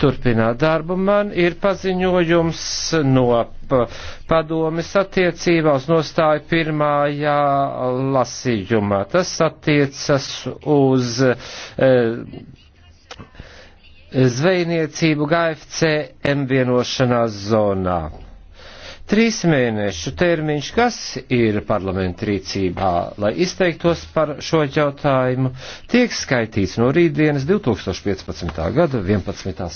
turpināt darbu. Man ir paziņojums no padomis attiecībā uz nostāju pirmājā lasījumā. Tas attiecas uz e, zvejniecību GFC M vienošanās zonā. Trīs mēnešu termiņš, kas ir parlamenta rīcībā, lai izteiktos par šo jautājumu, tiek skaitīts no rītdienas 2015. gada 11.